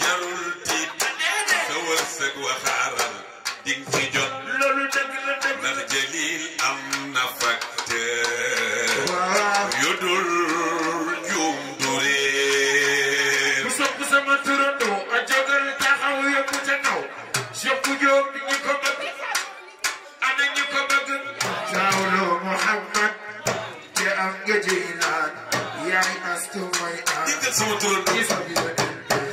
jarul tiit sa wërsëg waxaaral ding fi صوت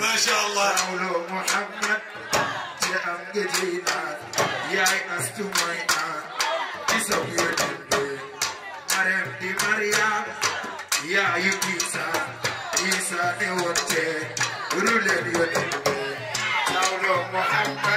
ما شاء الله قولوا محمد يا أمجدينا يا أستمعنا تسوي مريم دي مريم يا يكيسا إيسا نوتي رولي نوتي قولوا محمد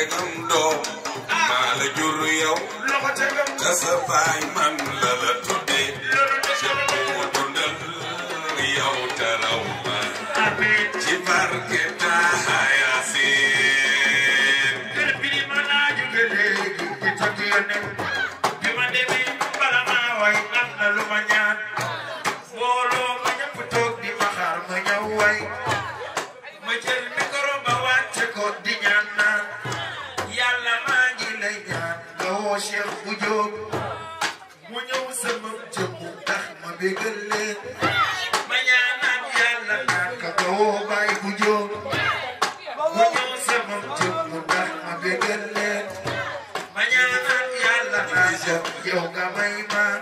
tegam doom maa la jur yow te sa baay man la la tuddee cëpp mu dundal yow te raw ma ci barke taaya siin kër bi ma laa jóge léegi ci takk yone bi ma demee bala maa way am na lu ma ñaan mbooloo ma ñëpp toog di ma xaar ma ñëw way lay ñaan woo Cheikh bu Jóob mu ñëw sama jëmm ndax ma bégal leen ma ñaanal yàlla naan ka nga woo bu Jóob mu ñëw sama jëmm ndax ma bégal leen ma ñaanal yàlla naan yow nga may maan